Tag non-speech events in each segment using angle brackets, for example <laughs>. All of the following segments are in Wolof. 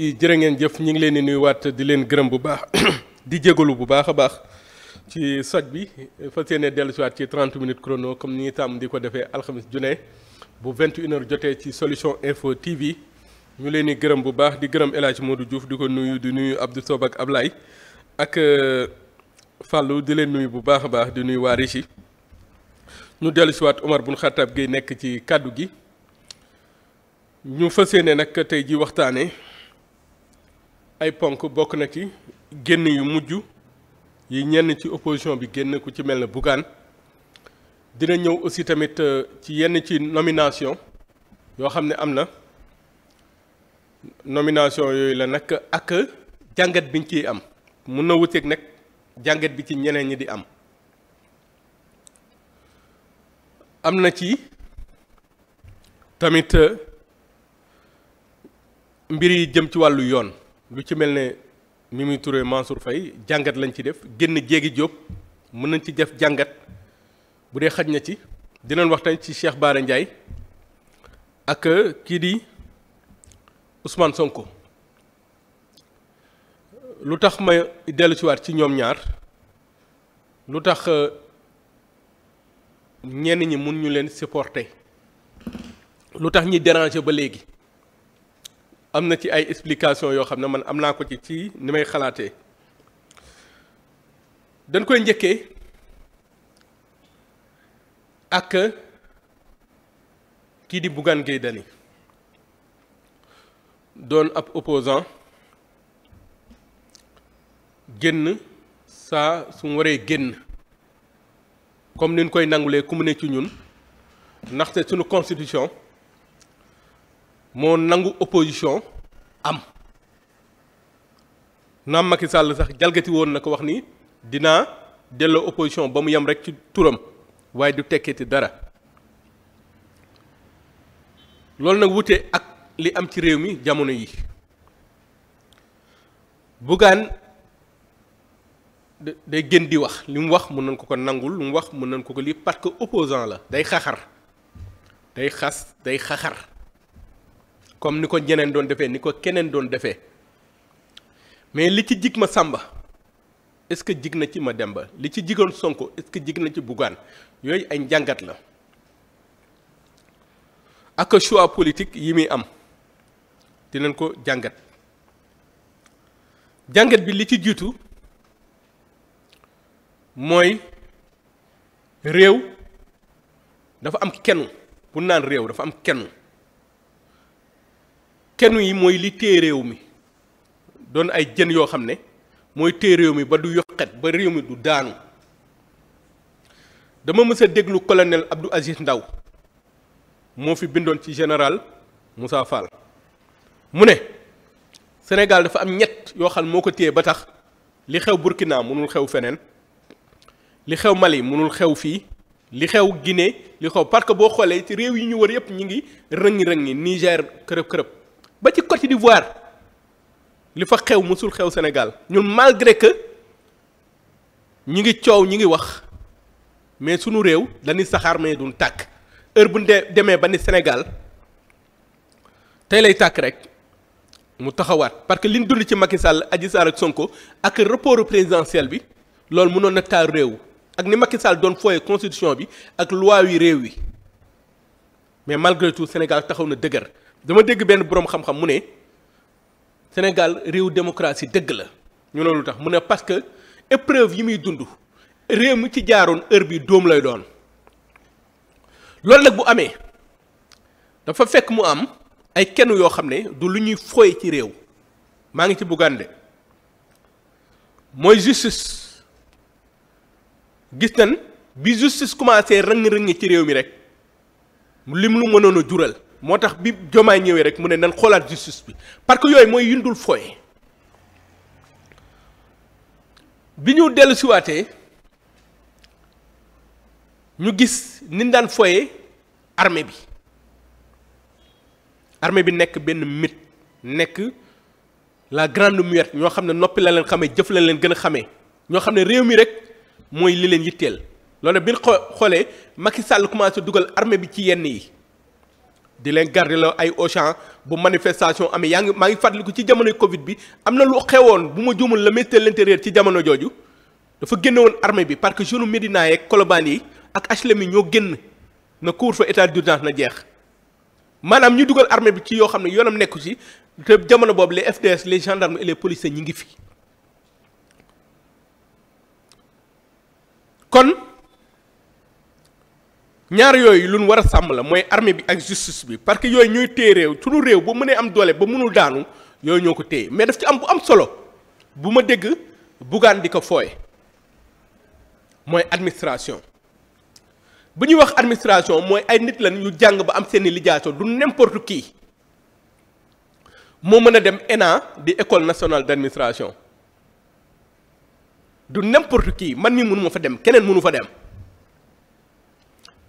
jërë ngeen jëf ñu ngi leen di nuyuwaat di leen gërëm bu baax <coughs> di jégalu bu baax a baax ci soj bi ne yéene dellusiwaat ci trent minutes chrono comme ni ñuy tàmm di ko defee alxamis junne bu vingt h jotee ci solution info TV ñu leen di gërëm bu baax di gërëm El moo Modou juuf di ko nuyu di nuyu Abdou Sob ak Ablaye ak euh, Fallou di leen nuyu bu baax a baax di nuyu waa Richi ñu dellusiwaat Omar bun Xattab Gueye nekk ci kàddu gi ñu fas yéene nag tey ji waxtaanee. ay ponk bokk na ci génn yu mujj yi ñenn ci opposition bi génn ku ci mel ne Bougane dina ñëw aussi tamit euh, ci yenn ci nomination yoo xam ne am na nomination yooyu la nag ak jàngat biñ ciy am mun na wuteeg nag jàngat bi ci ñeneen ñi di am am na ci tamit euh, mbir yi jëm ci wàllu yoon lu ci mel ne muy Touré Mansour Faye jàngat lañ ci def génn jéegi jóob mën nañ ci def jàngat bu dee xaj na ci dinañ waxtaan ci Cheikh Bara Ndiaye ak euh, kii di Ousmane Sonko lu tax ma dellu ci waat ci ñoom ñaar lu tax euh, ñenn ñi mun ñu leen supporter lu tax ñi déranger ba léegi am na ci ay explication yoo xam ne man am naa ko ci ci ni may xalaatee dañ koy njëkke ak kii di Bougane Gueye Dany doon ab opposant génn saa su mu waree génn comme ni ñu koy nangulee ku mu ne ci ñun ndaxte suñu constitution moo nangu opposition am naam Macky Sall sax jalgati woon na ko wax ni dinaa delloo opposition ba mu yem rek ci turam waaye du tekkeeti dara loolu nag wute ak li am ci réew mi jamono yi da day gën di wax li mu wax mën nañ ko ko nangul lu mu wax mën nañ ko ko lii parce que opposant la day xaxar day xas day xaxar comme ni ko jeneen doon defee ni ko keneen doon defee mais li ci jig ma Samba est-ce que jig na ci ma dem ba li ci jigal Sonko est-ce que jig na ci Bougane yooyu ay njàngat la ak choix politique yi muy am dinañ ko jàngat jàngat bi li ci jiitu mooy réew dafa am kenn bu naan réew dafa am kenn. kenu yi mooy li téye réew mi doon ay jën yoo xam ne mooy téye réew mi ba du yoqet ba réew mi du daanu dama mës a déglu colonel Abdou Aziz Ndaw moo fi bindoon ci général Moussa Fall mu ne Sénégal dafa am ñett yoo xam ne moo ko téye ba tax li xew Burkina mënul xew feneen li xew Mali mënul xew fii li xew Guinée li xew parce que boo xoolee ci réew yi ñu wër yëpp ñu ngi rëngi rëngi Niger kërëb kërëb ba ci di d'Ivoire li fa xew mosul xew Sénégal ñun malgré que ñi ngi coow ñi ngi wax mais sunu réew dañuy saxaar mais duñ tàkk heure bu de demee ba ni Sénégal tey lay tàkk rek mu taxawaat parce que li liñ dund ci Macky Sall Adji Sarr ak Sonko ak rapport présidentiel bi loolu mënoon na taal réew ak ni Macky Sall doon fooye constitution bi ak loi yi réew wi mais malgré tout Sénégal taxaw na dëgër dama dégg benn boroom xam-xam mu ne Sénégal réew démocratie dëgg la ñu loolu tax mu ne parce que épreuve yi muy dund réew mi ci jaaroon heure bi doom lay doon loolu nag bu amee dafa fekk mu am ay kenn yoo xam ne du lu ñuy foye ci réew maa ngi ci buggande mooy justice gis nañ bi justice commencé rëng-rëng ci réew mi rek lim lu mënoon a jural moo tax bi jomaa ñëwee rek mu ne nan xoolaat justice bi parce que yooyu mooy yundul fooye bi ñu dellu siwaatee ñu gis niñ daan fooye armée bi armée bi nekk benn mit nekk la grande muette ñoo xam ne noppi la leen xamee jëf la leen gën a xamee ñoo xam ne réew mi rek mooy li leen yitteel loole bi ñu xoolee Macky sàll commencé dugal armée bi ci yenn yi di leen garder la ay Auchan bu manifestation amee yaa ngi maa ngi fàttaliku ci jamono Covid bi am na lu xewoon bu ma juumul la ministère de l'intérieur ci jamono jooju dafa génne woon armée bi parce que jeune Médina yeeg Colobane yi ak HLM yi ñoo génn na couvre-feu état d'urgence na jeex maanaam ñu dugal armée bi ci yoo xam ne yoonam nekku ci te jamono boobu le FDS les gendarmes et les policiers ñi ngi fi ñaar yooyu lu nu war a sàmm la mooy armée bi ak justice bi parce que yooyu ñuy téye réew suñu réew ba mënee am doole ba mënul daanu yooyu ñoo ko téye mais daf ci am bu am solo bu ma dégg buggaan di ko fooy mooy administration bu ñuy wax administration mooy ay nit lan yu jàng ba am seeni lijaasoo du n'importe kii moo mën a dem ENA di école nationale d'administration du n'importe kii man mi mënu fa dem keneen mënu fa dem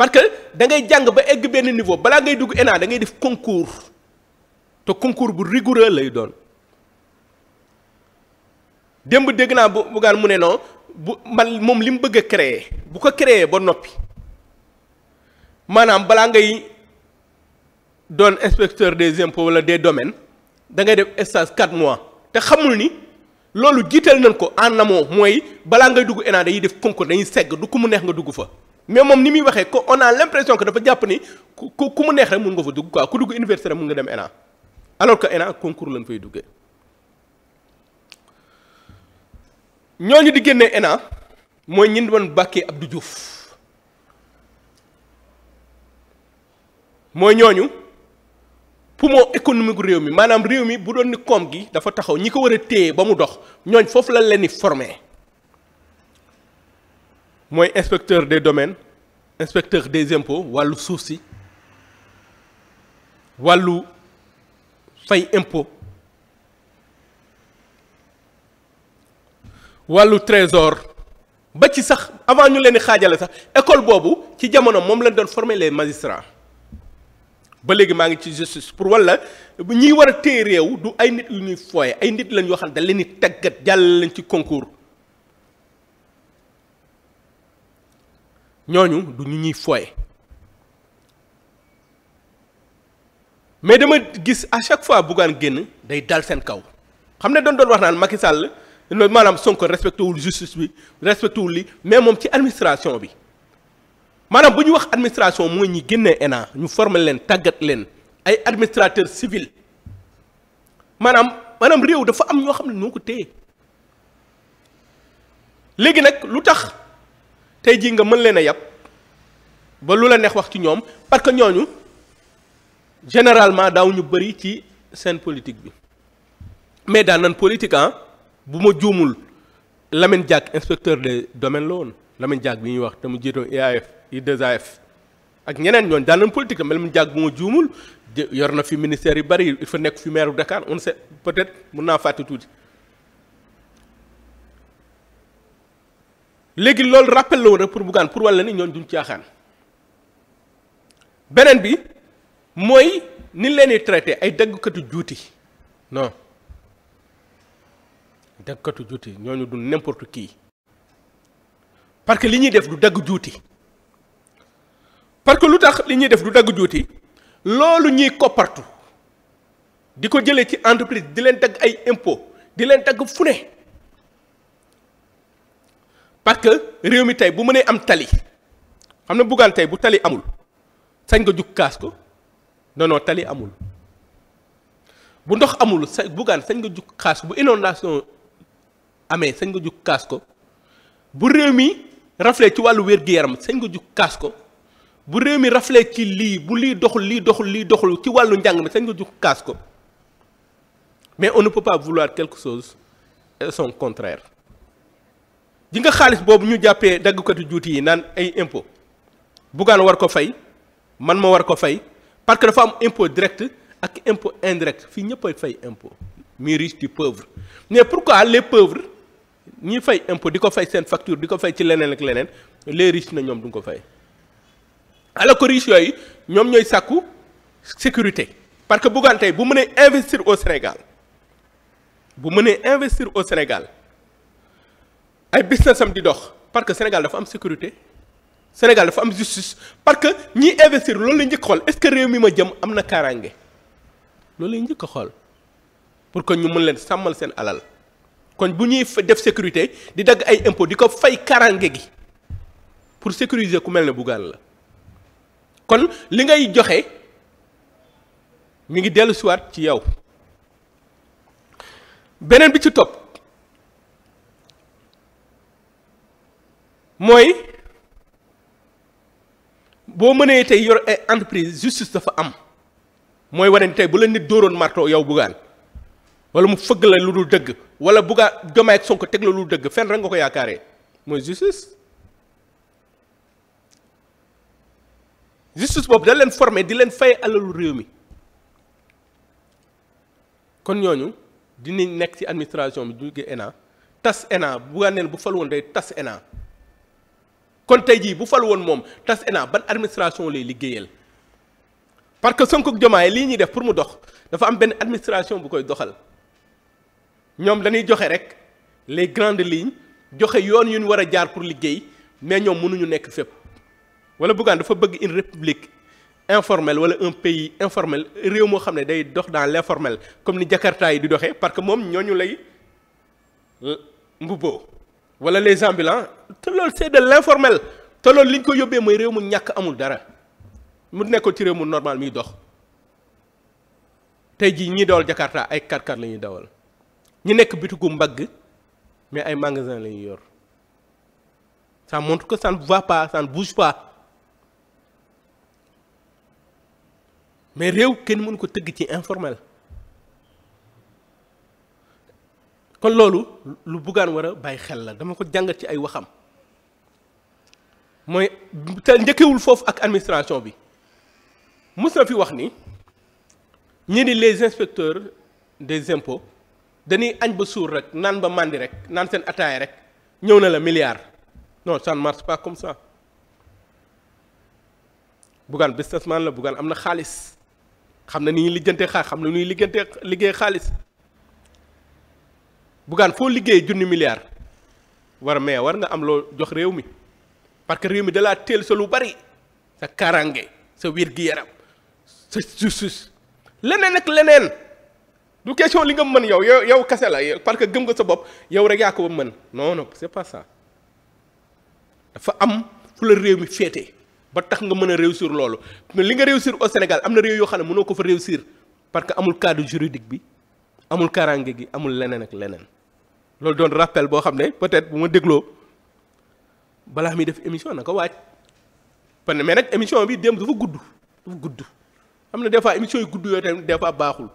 parce que da ngay jàng ba egg benn niveau balaa ngay dugg ENA da ngay def concours te concours bu rigoureux lay doon démb dégg naa bu bugaan mu ne non bu man moom li mu bëgg a créer bu ko créer ba noppi maanaam balaa ngay doon inspecteur des impôts wala des domaines dangay def stage 4 mois te xamul ni loolu jiital nan ko en amont mooy balaa ngay dugg ENA dañuy def concours dañuy segg du ko mu neex nga dugg fa. mais moom ni muy waxee ko on a l'impression que dafa jàpp ni ku ku mu neex rek mun nga fa dugg quoi ku dugg université rek mun dem ENA alors que ENA concours lañ fay duggee ñooñu di génnee ENA mooy ñi doon bàkkee du Diouf mooy ñooñu poumon économique réew mi maanaam réew mi bu doon ni koom gi dafa taxaw ñi ko war a téye ba mu dox ñooñ foofu la leen di formé mooy inspecteur des domaines inspecteur des impôts wàllu suuf si wàllu fay impo wàllu trésor ba ci sax avant ñu leen di xaajale sax école boobu ci jamono moom lañ doon former les magistrats ba léegi maa ngi ci justice pour wala ñiy war a téye réew du ay nit lu ñuy fooye ay nit lañ yoo xam ne dañ leen di tàggat jàll lañ ci concours ñooñu du ñu ñuy foye mais dama gis à chaque fois buggaan génn day dal seen kaw xam ne doon doon wax naan Macky Sall maanaam Sonko respecté wul justice bi respecté wul li mais moom ci administration bi maanaam bu ñu wax administration mooy ñi génnee ENA ñu formel leen tàggat leen ay administrateur civil maanaam maanaam réew dafa am ñoo xam ne ñoo ko téye léegi nag lu tax. tey jii nga mën leen a yàpp ba lu la neex wax ci ñoom parce que ñooñu généralement daaw ñu bëri ci seen politique bi mais daan nan politique ah bu ma juumul Lamine Diack inspecteur de domaines la woon Lamine Diack bi ñuy wax te mu jiitoon IAF I2AF ak ñeneen ñooñu daan nan politique am Lamine Diack bu ma juumul yor na fi ministère yu bari il fa nekk fi maire Dakar on sait peut-être mun naa fàtte tuuti. léegi loolu rappel la woon rek pour Bougane pour wàll ni ñooñ duñ caaxaan beneen bi mooy ni leen traité ay daggkatu juuti non daggkatu juuti ñooñu du n'importe qui parce que li ñuy def du dagg juuti parce que lu tax li ñuy def du dagg juuti loolu ñuy koppartu di ko jëlee ci entreprise di leen dagg ay impôt di leen dagg fu ne parce que réew mi tey bu mënee am tali xam na buggaan tey bu tali amul sañ nga jug kaas ko non tali amul bu ndox amul sa buggaan sañ nga jug kaas ko bu inondation amee sañ nga jug kaas ko bu réew mi raflee ci wàllu wér-gu-yaram sañ nga jug kaas ko bu réew mi raflee ci lii bu lii doxul lii doxul lii doxul ci wàllu njàng mi sañ nga jug kaas ko mais on ne peut pas vouloir quelque chose son contraire ji nga xaalis boobu ñu jàppee daggkatu juuti yi naan ay impôt Bougane war ko fay man ma war ko fay parce que dafa am impôt direct ak impôt indirect fii ñëpp ay fay impôt muy di di pauvre pour pourquoi les pauvres ñi fay impôt di ko fay seen facture di ko fay ci leneen ak leneen les riches na ñoom du ko fay alors ko riches yooyu ñoom ñooy sàkku sécurité parce que Bougane tey bu mënee investir au Sénégal bu mënee investir au Sénégal ay business am di dox parce que Sénégal dafa am sécurité Sénégal dafa am justice parce que ñiy investir loolu la njëkk xool est-ce que réew mi ma jëm am na kaaraange loolu la njëkk xool pour que ñu mën leen sàmmal seen alal kon bu ñuy def sécurité di dagg ay impôt di ko fay kaaraange gi pour sécuriser ku mel ne Bougane la kon li ngay joxe mi ngi dellu siwaat ci yow beneen bi ci topp mooy boo mënee tey yor ay entreprise justice dafa am mooy wane tey bu la nit dóoroon marto yow buggaan wala mu fëgg la lu dul dëgg wala buggaan Diomaye ak Sonko teg la lu dëgg fenn rek nga ko yaakaaree mooy justice justice boobu da leen formé di leen fay alalu réew mi kon ñooñu dinañ nekk ci administration bi jóge ENA tas ENA bu neen bu fal woon day tas ENA kon tey jii bu fal woon moom tas naa ban administration lay liggéeyal parce que Sonko ak Diomaye lii ñuy def pour mu dox dafa am benn administration bu koy doxal ñoom dañuy joxe rek les grandes lignes joxe yoon yu ñu war a jaar pour liggéey mais ñoom mënuñu nekk fépp wala Bougane dafa bëgg une république informelle wala un pays informel réew moo xam ne day dox dans l'informel comme ni Jakarta yi di doxee parce que moom ñooñu lay mbubboo wala les ambulants te loolu c'est de l'informel te loolu li ñu ko yóbbee mooy réew mu ñàkk amul dara mu nekkoon ci réew mu normal muy dox tey jii ñi dawal Jakarta ay kàr-kàr la ñuy dawal ñu nekk bitigu mbagg mais ay magasin la ñuy yor ça montre que ça ne va pas ça ne bouge pas mais réew kenn mënu ko tëgg ci informel. kon loolu lu buggaan war a bàyyi xel la dama ko jàngat ci ay waxam mooy te njëkkewul foofu ak administration bi mës na fi wax ni ñi ni les inspecteurs des impôts dañuy añ ba suur rek naan ba màndi rek naan seen ataaya rek ñëw na la milliard non ça ne marche pas comme ça Bougane businessman la Bougane am na xaalis xam na ni ñuy lijjantee xaar xam ne ni ñuy liggéey xaalis Bougane foo liggéey junni milliard war mais war nga am loo jox réew mi parce que réew mi dalaa teel sa lu bari sa karange sa wiir gi yaram sa justice leneen ak leneen du question li nga mën yow yow yow kase la parce que gëm nga sa bopp yow rek yaa ko ba mën non non c'est pas ça dafa am fu la réew mi féete ba tax nga mën a réussir loolu mais li nga réussir au Sénégal am na réew yoo xam ne mënoo ko fa réussir parce que amul cadre juridique bi amul karange gi amul leneen ak leneen loolu doon rappel boo xam ne peut-être bu ma dégloo balaa mi def émission na ko waaj parce que mais nag émission bi démb dafa gudd dafa gudd am na des fois émission yu gudd yooyu tamit des baaxul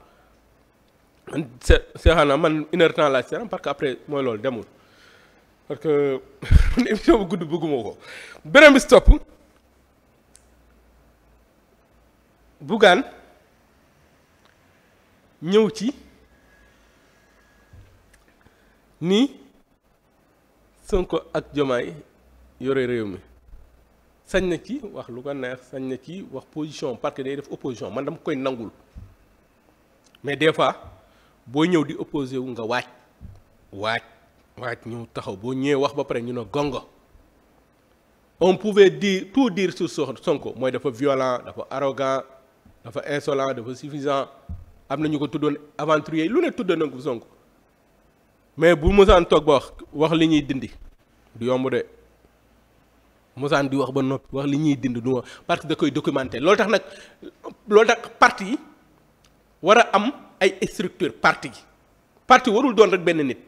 man seexaana man une heure temps laa que après mooy loolu demul parce que <laughs> man émission bu gudd bëgguma ko beneen bi stop Bougane ñëw ci ni Sonko ak Jomaay yore réew mi sañ na ci wax lu ko neex sañ na ci wax position parce que day def opposition man dama koy nangul mais des fois boo ñëw di opposé wu nga waaj waaj waaj ñëw taxaw boo ñëwee wax ba pare ñu ne gongo on pouvait dire tout dire sur Sonko mooy dafa violent dafa arrogant dafa insolent dafa suffisant am na ñu ko tuddoon aventurier lu ne tuddoon na ko Sonko mais bu mosaan toog ba wax wax li ñuy dindi du yomb de mosaan di wax ba noppi wax li ñuy dindi du wax parti da koy documenter loolu tax nag loolu tax parti yi war a am ay structure parti yi parti warul doon rek benn nit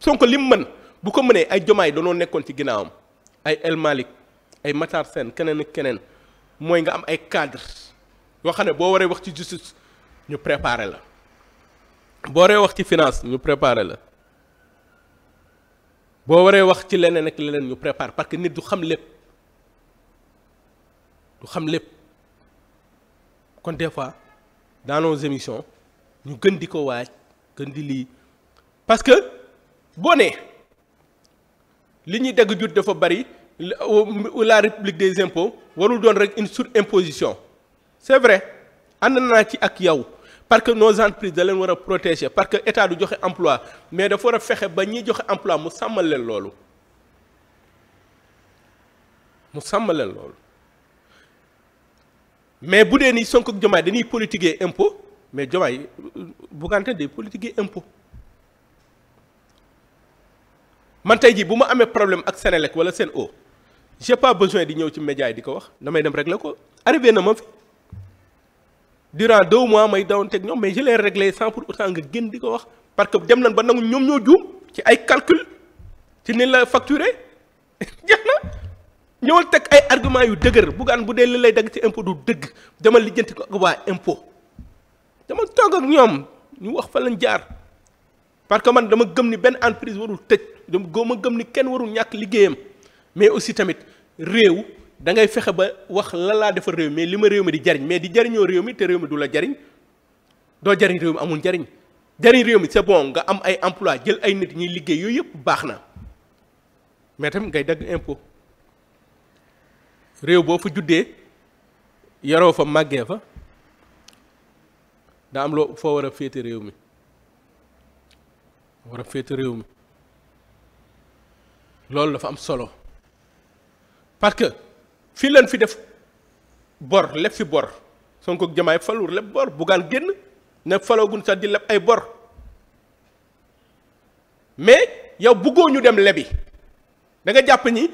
son Sonko lim mën bu ko mënee ay jomaay danoo nekkoon ci ginnaawam ay El ay Matar Sène keneen ak keneen mooy nga am ay cadre yoo xam ne boo waree wax ci justice ñu préparer la boo waree wax ci finance ñu préparer la boo waree wax ci leneen ak leneen ñu prépare parce que nit du xam lépp du xam lépp kon des fois dans nos émissions ñu gën di ko waaj gën di lii parce que boo nee li ñuy dagg jut dafa bari la république des impôts warul doon rek une imposition c'est vrai ànd naa ci ak yow. parce que nos entreprises da leen war a protéger parce que état du joxe emploi mais dafa war a fexe ba ñiy joxe emploi mu sàmmal leen loolu mu mais bu dee nii Sonko ak Diomaye dañuy politiquer impôt mais Diomaye Bougane day politiquer impôt man tey jii bu ma amee problème ak Senelec wala o je pas besoin di ñëw ci média yi di ko wax damay dem rek régler ko arrivé na ma fi. durant deux mois may dawanteeg ñoom mais je l'ai réglé sans pour autant nga gën di ko wax parce que dem nan ba nangu ñoom ñoo juum ci ay calcul ci ni la facturé <laughs> jeex na ñëwal teg ay argument yu dëgër buggaan bu dee li lay dagg ci impôt du dëgg dama lijjanti ko ak waa impôt dama toog ak ñoom ñu wax fa lañ jaar parce que man dama gëm ni benn entreprise warul tëj dama gëm ni kenn warul ñàkk liggéeyam mais aussi tamit réew da ngay fexe ba wax lan laa defar réew mais li ma réew mi di jariñ mais di jariñoo réew mi te réew mi du la jariñ doo jariñ réew mi amul njariñ jariñ réew mi c'est bon nga am ay emploi jël ay nit ñuy liggéey yooyu yëpp baax na mais tamit ngay dagg impo réew boo fa juddee yaroo fa màggee fa daa am loo foo war a féete réew mi war réew mi loolu dafa am solo parce fii leen fi def bor lépp fi bor Sonko ak Diomaye faluur lépp bor Bougane génn ne faloogun sax di leb ay bor mais yow bëggoo ñu dem lebi da nga jàpp ni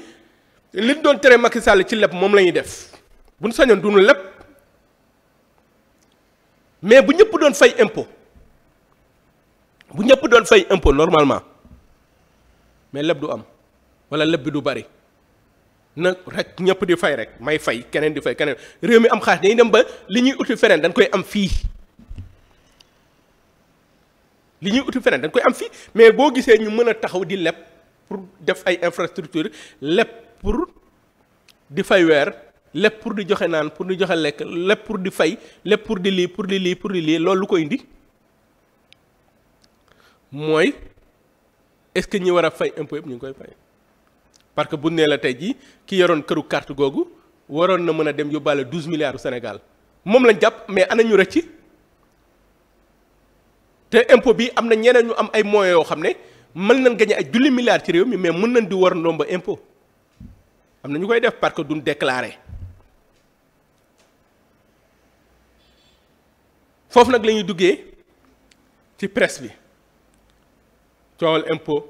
li doon tere Macky Sall ci leb moom la ñuy def buñ sañoon duñu leb mais bu ñëpp doon fay impo bu ñëpp doon fay impo normalement mais leb du am wala leb bi du bari nag rek ñëpp di fay rek may fay keneen di fay keneen réew mi am xaalis dañuy dem ba li ñuy uti feneen dañ koy am fii li ñuy uti fereen dañ koy am fii mais boo gisee ñu mën a taxaw di leb pour def ay infrastructure leb pour di fay weer leb pour di joxe naan pour di joxe lekk leb pour di fay leb pour di lii pour di lii pour di lii loolu lu koy indi mooy est-ce que ñi war a fay impôt yëpp ñu koy fay parce que bu nee la tey jii ki yoroon këru kart googu waroon na mën a dem yóbbaale douze milliards u Sénégal moom lañ jàpp mais ana ñu rëcc te impôt bi am na ñeneen ñu am ay moyens yoo xam ne mën nañ gañe ay julli milliards ci réew mi mais mën nañ di war ndomba impôt am na ñu koy def parce que duñ déclaré foofu nag la ñuy duggee ci presse bi coowal impôt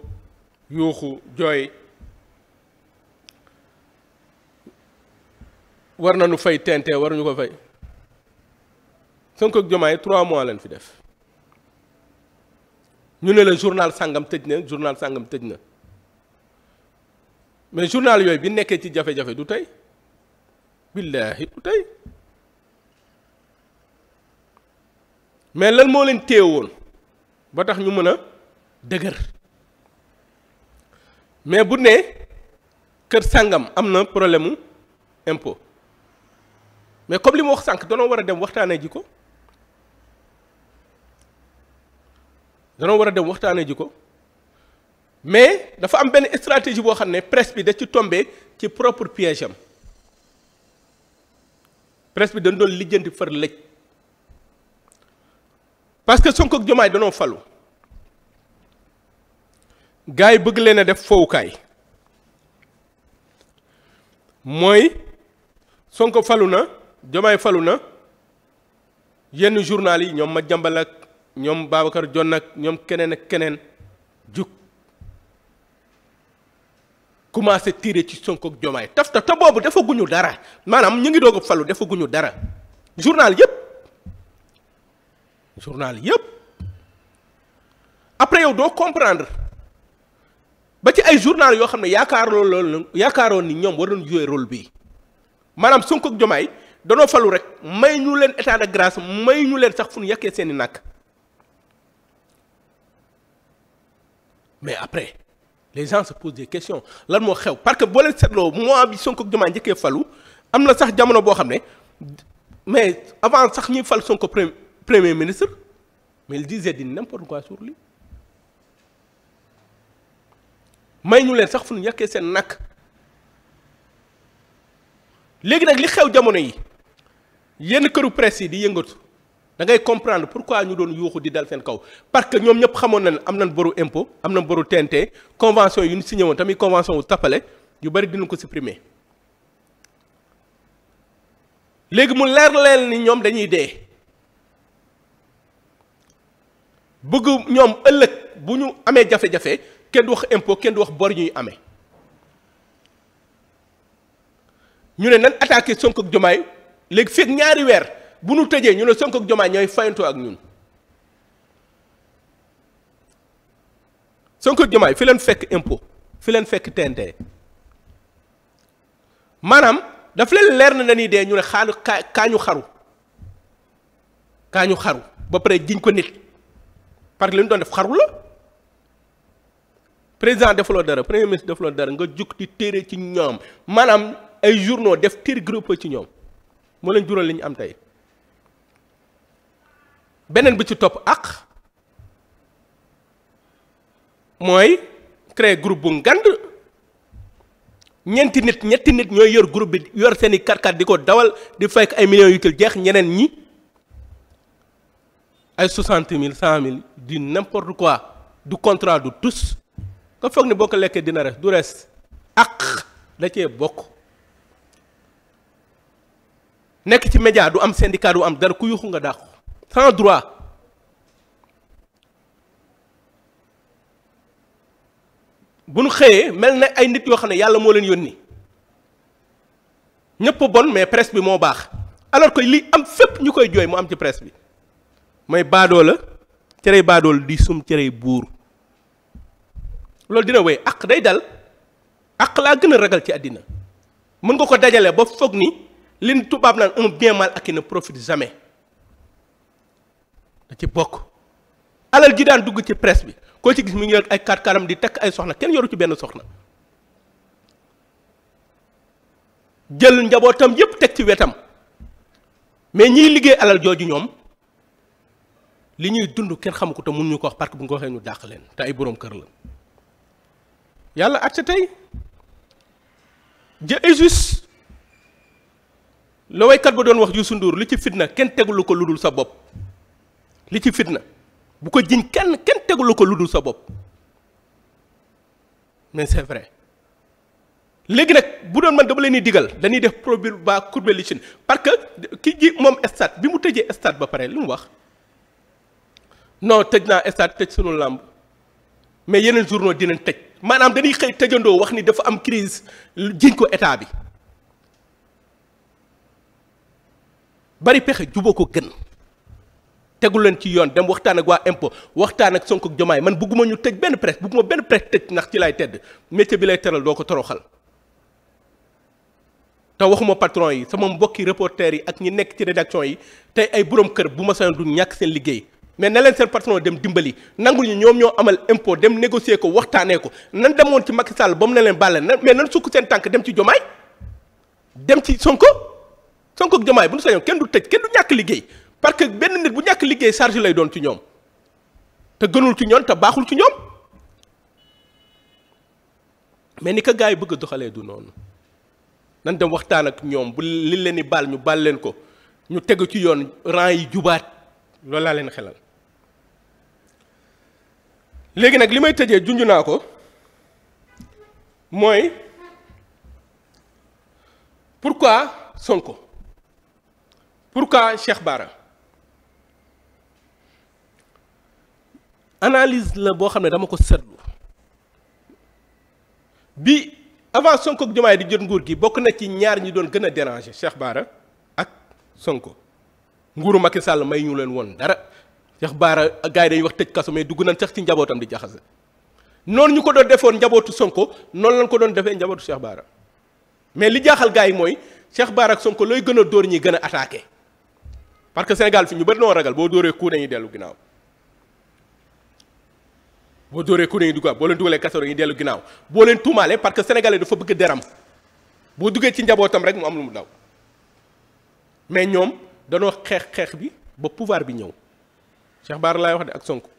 yuuxu jooy. war na nañu fay TNT waruñu ko fay Sonko ak Diomaye trois mois lañ fi def ñu ne la journal sàngam tëj na journal sàngam tëj na mais journal yooyu bi nekkee ci jafe-jafe du tey billaahi du tey mais lan moo leen téye woon ba tax ñu mën a dëgër mais bu ne kër sàngam am na problème mu impôt mais comme li ma wax sànq danoo war a dem waxtaanee ji ko danoo war a dem waxtaanee ji ko mais dafa am benn stratégie boo xam ne presse bi da ci tombé ci propre piège am presse bi dañ doon lijjanti far parce que Sonko ak Jomaay danoo falu gars yi bëgg leen a def fowukaay mooy Sonko falu na. Diomaye falu na yenn journal yi ñoom Madiambal ak ñoom Babacar jon ak ñoom keneen ak keneen jug commencé tiré ci sonk ak Diomaye taf ta te boobu defaguñu dara maanaam ñu ngi doog falu defaguñu dara journal yëpp journal yëpp après yow doo comprendre ba ci ay journal yoo xam ne yaakaaroo loolu yaakaaroon ni ñoom waroon jouer rôle bi maanaam sonk ak Diomaye danoo falu rek may ñu leen état de grâce may ñu leen sax fu ñu yàkkee seeni nàkk mais après les gens se posent lan moo xew parce que boo leen mois bi Sonko ak Diomaye njëkkee falu am na sax jamono boo xam ne mais avant sax ñuy fal Sonko premier premier ministre mais il disait di n'importe quoi sur lui may leen sax fu ñu seen nàkk léegi nag li xew jamono yi yenn këru presse yi di yëngatu da ngay comprendre pourquoi ñu doon yuuxu di dal seen kaw parce que ñoom ñëpp xamoon nañ am nañ boru impo am nañ boru TNT convention yu ñu signé woon tamit convention wu tappale yu bëri dinañ ko supprimer léegi mu leer leen ni ñoom dañuy dee bëgg ñoom ëllëg bu ñu amee jafe-jafe kenn du wax impo kenn du wax bor ñuy amee ñu ne nan attaqué Sonko ak Diomaye léegi fekk ñaari weer bu nu tëjee ñu ne sonk ak Jomaay ñooy fayantoo ak ñun Sonko ak Jomaay fi leen fekk impôt fi leen fekk TNT maanaam daf leen leer na dañuy dee ñu ne xaalu kaa kaañu xaru kaañu xaru ba pare jiñ ko nit parce que li ñu doon def xaru la président defuloo dara premier ministre defuloo dara nga jug di téere ci ñoom maanaam ay journaux def téere groupe ci ñoom. moo leen jural li ñu am tey beneen bi ci topp ak mooy créer groupe bu ngand ñeenti nit ñetti nit ñooy yor groupe bi yor seen i karkat di ko dawal di fekk ay millions yu jeex ñeneen ñi ay soixante mille cent mille di n'importe quoi du contrat du tous nga foog ni boo ko lekkee dina res du res ak da cee bokk nekk ci média du am syndicat du am dara ku yuxu nga dàqu sans droit bu nu xëyee mel na ay nit yoo xam ne yàlla moo leen yónni ñëpp bon mais presse bi moo baax alors que li am fépp ñu koy jooy mu am ci presse bi mooy baadoo la cërey baadool di sum cere buur loolu dina wéy ak day dal ak laa gën a ragal ci àddina mën nga ko dajale ba foog ni li tubaab naan un bien mal acquis ne profite jamais da ci bokk alal ji daan dugg ci press bi koo ci gis mu ngi yor ay kaat karam di takk ay soxna kenn yoru ci benn soxna jël njabootam yépp teg ci wetam mais ñiy liggéey alal jooju ñoom li ñuy dund kenn xamu ko te mënuñu ko wax parce que bu ñu ko waxee ñu dàq leen te ay boroom kër la yàlla àtte tey ja Isus la waykat ba doon wax Youssou Ndour li ci fitna kenn tegulu ko ludul sa bopp li ci fitna bu ko jiñ kenn kenn tegulu ko lu dul sa bopp mais c'est vrai léegi nag bu doon man dama leen di digal dañuy def probir ba courbe lichine parce que ki ji moom stade bi mu tëjee stade ba pare lu mu wax non tëj naa stade tëj sunu làmb mais yeneen journaux dinañ tëj maanaam dañuy xëy tëjandoo wax ni dafa am crise jiñ ko état bi bari pexe juboo ko gën tegu leen ci yoon dem waxtaan ak waa impôt waxtaan ak Sonko ak Jomaay man bugguma ñu tëj benn presse bugguma benn presse tëj ndax ci lay tedd métier bi lay teral doo ko toroxal te waxuma patron yi sama mbokki reporter yi ak ñi nekk ci rédaction yi tey ay borom kër bu ma sañoon du ñàkk seen liggéey mais na leen seen patron dem dimbali nanguñu ñoom ñoo amal impôt dem négocier ko waxtaanee ko nan demoon ci Macky Sall ba mu ne leen bàlle na mais nan sukk seen tànk dem ci Jomaay ci Sonko. Sonko ak Jomaay bu ñu sañoon kenn du tëj kenn du ñàkk liggéey parce que benn nit bu ñàkk liggéey charge lay doon ci ñoom te gënul ci ñoom te ci ñoom mais ni ko gars yi bëgg a doxalee du noonu nan dem waxtaan ak ñoom bu li leen di baal ñu baal leen ko ñu tegu ci yoon rang yi jubaat loolu laa leen xelal léegi nag li may tëjee junj naa ko mooy pourquoi Sonko pour pourquoi Cheikh baara analyse la boo xam ne dama ko seetlu bi avant Sonko ak Diomaye di jot nguur gi bokk na ci ñaar ñi doon gën a déranger Cheikh baara ak Sonko nguuru Macky Sall may ñu leen woon dara Cheikh Bara gars yi wax tëj kaso mais dugg nañ sax ci njabootam di jaxase noonu ñu ko doon defoon njabootu Sonko noonu lañ ko doon defee njabootu Cheikh baara mais li jaaxal gars yi mooy Cheikh Bara ak Sonko looy gën a dóor ñi gën a attaqué. parce que Sénégal fi ñu bëri noo ragal boo dóoree coup ñu dellu ginnaaw boo dóoree coup dañuy duggaat boo leen dugalee kaso dañuy dellu ginnaaw boo leen tuumaalee parce que sénégalais dafa bëgg deram boo duggee ci njabootam rek mu am lu mu daw mais ñoom danoo xeex xeex bi ba pouvoir bi ñëw Cheikh baar laay wax de ak Sonko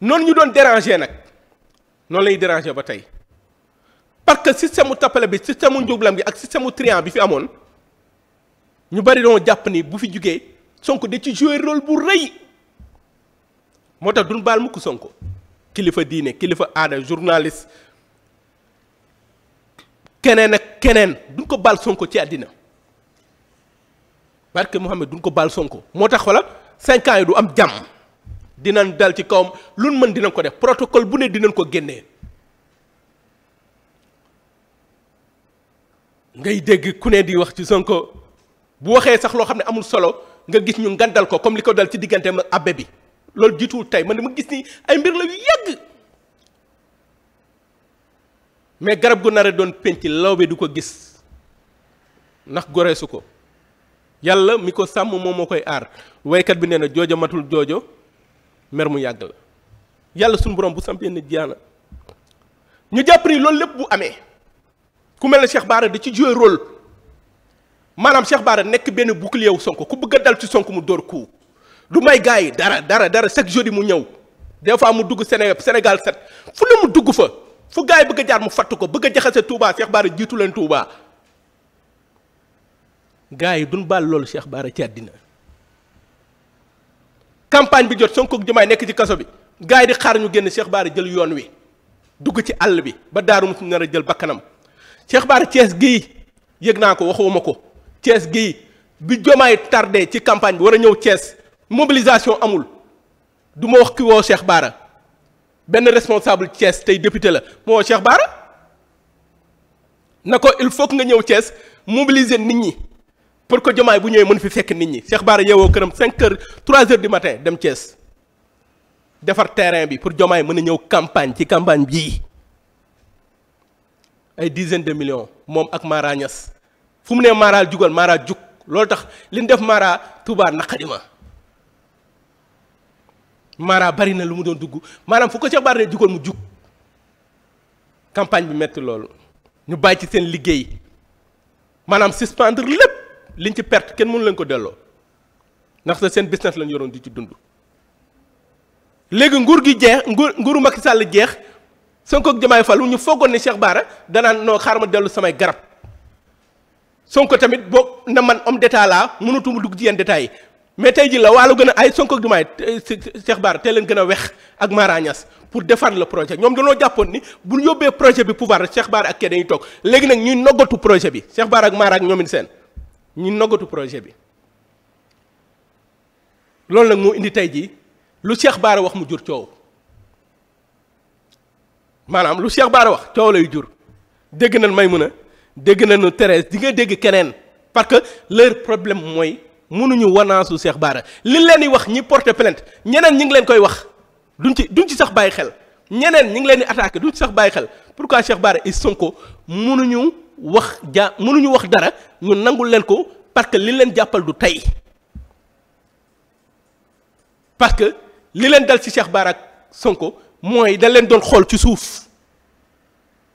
noonu ñu doon déranger nag noonu lay déranger ba tey parce que système mu tappale bi système mu njublam gi ak système mu triant bi fi amoon ñu bari doon jàpp ni bu fi jugee. Sonko da ci jouer role bu rëy moo tax duñ baal mukk Sonko kilifa diine kilifa aada journaliste keneen ak keneen du ko baal Sonko ci àddina barke Mouhamed duñ ko baal Sonko moo tax wala cinq du am jàmm dinañ dal ci kawam lu mën dinañ ko def protocole bu ne dinañ ko génnee ngay dégg ku ne di wax ci Sonko bu waxee sax loo xam ne amul solo nga gis ñu ngandal ko comme li ko dal ci diggante ma abbé bi loolu jiituwul tey man ma gis nii ay mbir la yu yàgg mais garab gu nare doon penc law bi du ko gis ndax goreesu ko yàlla mi ko sàmm moom moo koy aar waykat bi nee na joojo matul joojo mer mu yàgg la yàlla suñu borom bu sampee na jaana ñu jàpp ni loolu lépp bu amee ku mel ne Cheikh Bara da ci jouer rôle maanaam Cheikh Bara nekk benn bouclier sonk Sonko ku bëgg dal ci sonk mu dóor ku du may gars yi dara dara dara chaque jeudi mu ñëw des fois mu dugg Sénégal Sénégal set fu ne mu dugg fa fu gars yi bëgg jaar mu fatt ko bëgg a jaxase Touba Cheikh Bara jiitu leen Touba gars yi duñ baal loolu Cheikh Bara ci dina campagne bi jot Sonko ak Diomaye nekk ci kaso bi gars yi di xaar ñu génn Cheikh Bara jël yoon wi dugg ci àll bi ba daaru mu nar a jël bakkanam Cheikh Bara Thiès gi yëg naa ko waxuma ko. Thiès gi bi Jomaay tardé ci campagne bi war a ñëw cees mobilisation amul du ma wax ki woo Cheikh Bara benn responsable Thiès tey député la moo woo Cheikh Bara na ko il faut que nga ñëw cees mobiliser nit ñi pour que Jomaay bu ñëwee mën fi fekk nit ñi Cheikh Bara yeewoo këram cinq heures 3 heures du matin dem Thiès defar terrain bi pour Jomaay mën a ñëw campagne ci campagne bii ay dizaine de millions moom ak Mara fu mu ne Mara jugal Mara jug loolu tax liñ def Mara Touba naqari ma Mara bari na lu mu doon dugg maanaam fu ko ca bari ne jugal mu jug campagne bi metti loolu ñu bàyyi ci seen liggéey maanaam suspendre lépp liñ ci perte kenn mënu leen ko delloo ndax sa seen business lañ yoroon di ci dund. léegi nguur gi jeex nguur nguuru Macky Sall jeex Sonko ak Diomaye Falu ñu foogoon ne Cheikh Bara danaan noo xaar ma dellu samay garab. Sonko tamit boo na man homme d'état laa mënatuma dugg ci yenn détails mais tey jii la waa la gën a ay sonk ak Diomaye Cheikh Bara tey leen gën a wex ak Mara pour défendre la projet ñoom dañoo jàppoon ni bu ñu yóbbee projet bi pouvoir seex Bara ak kee dañuy toog léegi nag ñuy noggatu projet bi Cheikh Bara ak ñoom it seen ñuy noggatu projet bi loolu nag moo indi tey jii lu Cheikh Bara wax mu jur coow maanaam lu Cheikh Bara wax coow lay jur dégg na may mun a. dégg nañu Thérèse di nga dégg keneen parce que leur problème mooy mënuñu wanaasu Cheikh Bara li leen di wax ñi porter plainte ñeneen ñi ngi leen koy wax duñ ci duñ ci sax bàyyi xel ñeneen ñi ngi leen di attaqué duñ ci sax bàyyi xel pourquoi Cheikh Bara et Sonko mënuñu wax ja mënuñu wax dara ñu nangul leen ko parce que li leen jàppal du tey parce que li leen dal ci Cheikh Bara ak Sonko mooy da leen doon xool ci suuf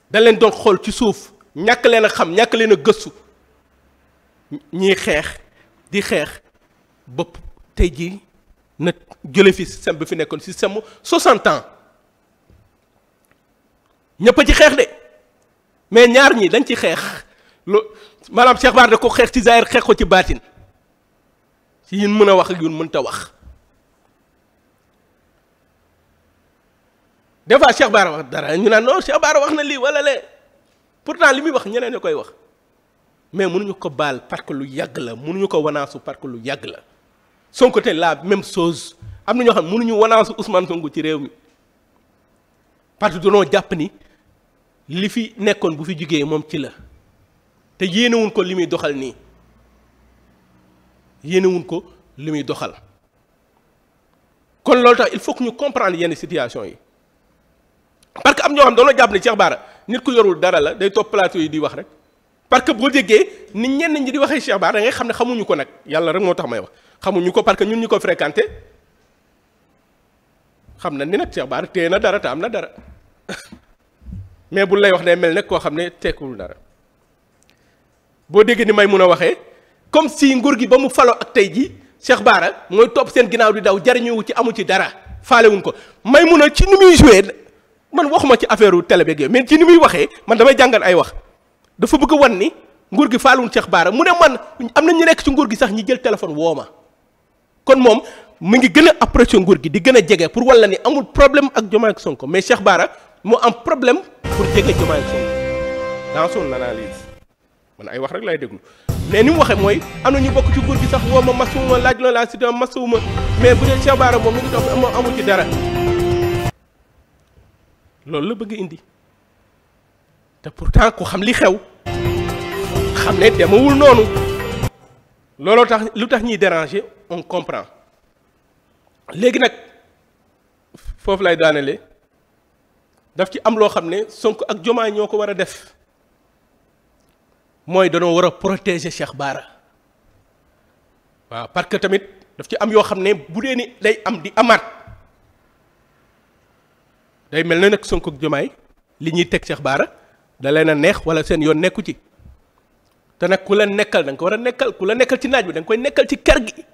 da leen doon xool ci suuf ñàkk leen a xam ñàkk leen a gëstu ñiy xeex di xeex bopp tey jii na jële fi système bi fi nekkoon si sem 60 ans ñëpp a ci xeex de mais ñaar ñi dañ ci xeex lu maanaam Cheikh Bara da ko xeex ci zaahir xeex ko ci baatin si yun mën a wax ak yun mënta wax des fois Cheikh Bara wax dara ñu naan non Cheikh Bara wax na lii wala lee pourtant li muy wax ñeneen ñi koy wax mais munuñu ko baal parce que lu yàgg la mënuñu ko wanaasu parce lu yàgg la Sonko te la même chose am na ñoo xam ne mënuñu wanaasu Ousmane Sonko ci réew mi parce que jàpp ni li fi nekkoon bu fi jugee moom ci la te yéenewuñ ko li muy doxal nii yéenewuñ ko li muy doxal kon loolu tax il faut que ñu comprendre yenn situation yi parce que am ñoo xam ne jàpp ni ci Bara nit ku yorul dara la day topp plateau yi di wax rek parce que boo déggee ni ñenn ñi di waxee Cheikh Bara da xam ne xamuñu ko nag yàlla rek moo tax may wax xamuñu ko parce que ñun ñu ko fréquenté xam na ni nag Cheikh Bara téye na dara te am na dara <laughs> mais bu lay wax day mel ne koo xam ne tekkul dara boo déggee ni may mun a waxee comme si nguur gi ba mu falo ak tey jii Cheikh Bara mooy topp seen ginnaaw di daw jariñu ci amu ci dara faale ko may mu a ci ni muy man waxuma ci affaire u télé beeg mais ci ni muy waxee man damay jàngal ay wax dafa bëgg wan ni nguur gi faaluñ Cheikh Bara mu ne man am na ñu nekk ci gi sax ñi jël téléphone woo kon moom mu ngi gën a approché nguur gi di gën a jege pour walla ni amul problème ak Diomaye ak Sonko mais Cheikh Bara moo am problème pour jege Diomaye ak Sonko dans son ay wax rek lay déglu mais ni mu waxee mooy am na ñu bokk ci nguur gi sax woo ma masuwuma laaj la laa si masuma mais bu dee Cheikh Bara moom mi ngi dox moom amul ci dara. loolu la bëgg indi te pourtant ku xam li xew xam ne demewul noonu looloo tax lu tax ñuy déranger on comprend léegi nag foofu lay daanelee daf ci am loo xam ne sonk ak jomaa ñoo ko war a def mooy danoo war a protéger Cheikh Bara waaw parce que tamit daf ci am yoo xam ne bu dee ni day am di amaat. day mel na nag sonk ak Diomaye li ñuy teg Cheikh Bara da leen a neex wala seen yoon nekku ci te nag ku la nekkal da ko war a nekkal ku la nekkal ci naaj bi da koy nekkal ci kër gi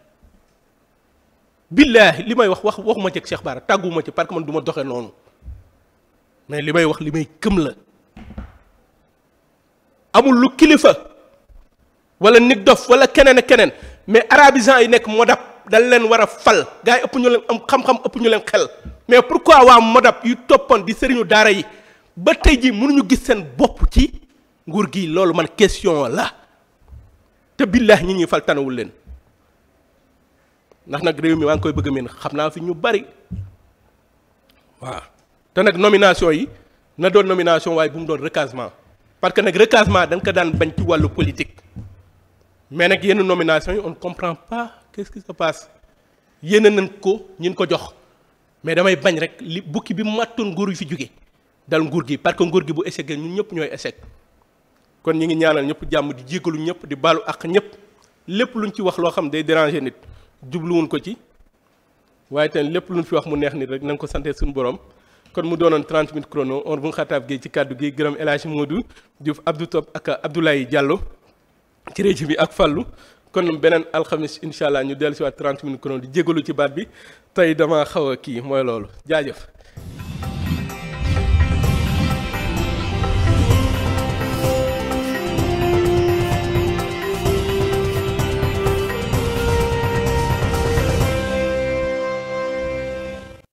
billaahi li may wax wax waxuma ci ak Cheikh Bara tàgguma ci parce que man duma ma noonu mais li may wax li may këm la amul lu kilifa walla nit dof wala keneen ak keneen mais arabisants yi nekk moo dab dal leen war a fal gars yi ëpp ñu leen am xam-xam ëpp ñu leen xel mais pourquoi waa modab yu toppoon di sëriñu daara yi ba tey ji ñu gis seen bopp ci nguur gi loolu man question la te billaah ñi ñuy fal tanawul leen ndax nag réew mi maa ngi koy bëgg a mën xam naa fi ñu bari waaw te nag nomination yi na doon nomination waaye bu mu doon recasement parce que nag recasement dañ ko daan bañ ci wàllu politique mais nag yenn nomination yi on ne comprend qu'est-ce qui se passe yéene nañ ko ñun ko jox mais damay bañ rek li bukki bi màttoon nguur yi fi jóge dal nguur gi parce que nguur gi bu échec ñun ñëpp ñooy échec kon ñu ngi ñaanal ñëpp jàmm di jégalu ñëpp di baalu ak ñëpp lépp lu luñ ci wax loo xam day déranger nit jubluwuñ ko ci waaye tamit lépp luñ fi wax mu neex nit rek na ko sante suñu borom kon mu doonoon 30 minutes chrono on bu xataab gi ci kàddu gi gërëm El Hadj Modou Diouf Abdou Top ak Abdoulaye Diallo ci régie bi ak Fallou kon beneen alxamis incha allah ñu dellu si waat 30 minutes di jégalu ci baat bi tey dama xaw a kii mooy loolu jaajëf.